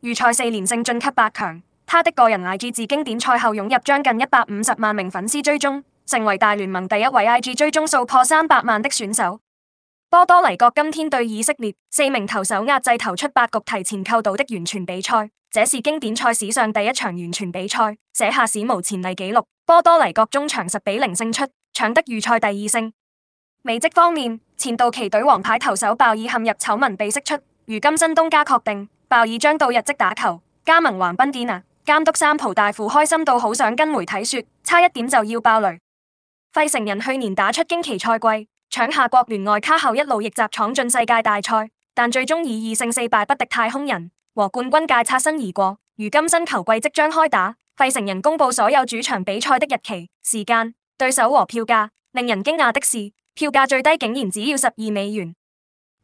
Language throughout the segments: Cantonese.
預賽四連勝晉級八強，他的個人 IG 自經典賽後湧入將近一百五十萬名粉絲追蹤，成為大聯盟第一位 IG 追蹤數破三百萬的選手。波多黎各今天對以色列，四名投手壓制，投出八局提前扣到的完全比賽，這是經典賽史上第一場完全比賽，寫下史無前例紀錄。波多黎各中場十比零勝出，搶得預賽第二勝。美職方面，前道奇隊王牌投手鮑爾陷入醜聞被釋出，如今新東家確定。鮑爾將到日職打球，加盟橫濱 DeNA！監督三浦大輔開心到好想跟媒體說，差一點就要爆雷。費城人去年打出驚奇賽季，搶下國聯外卡後，一路逆襲闖進世界大賽，但最終以二勝四敗不敵太空人，和冠軍界擦身而過。如今新球季即將開打，費城人公布所有主場比賽的日期、時間、對手和票價。令人驚訝的是，票價最低竟然只要十二美元。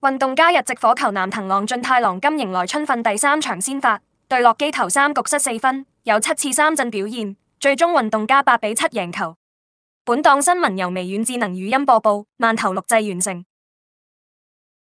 運動家日籍火球男藤浪俊太郎今迎來春訓第三場先發，對洛基投三局失四分，有七次三振表現，最終運動家八比七贏球。本檔新聞由微軟智能語音播報，慢頭錄製完成。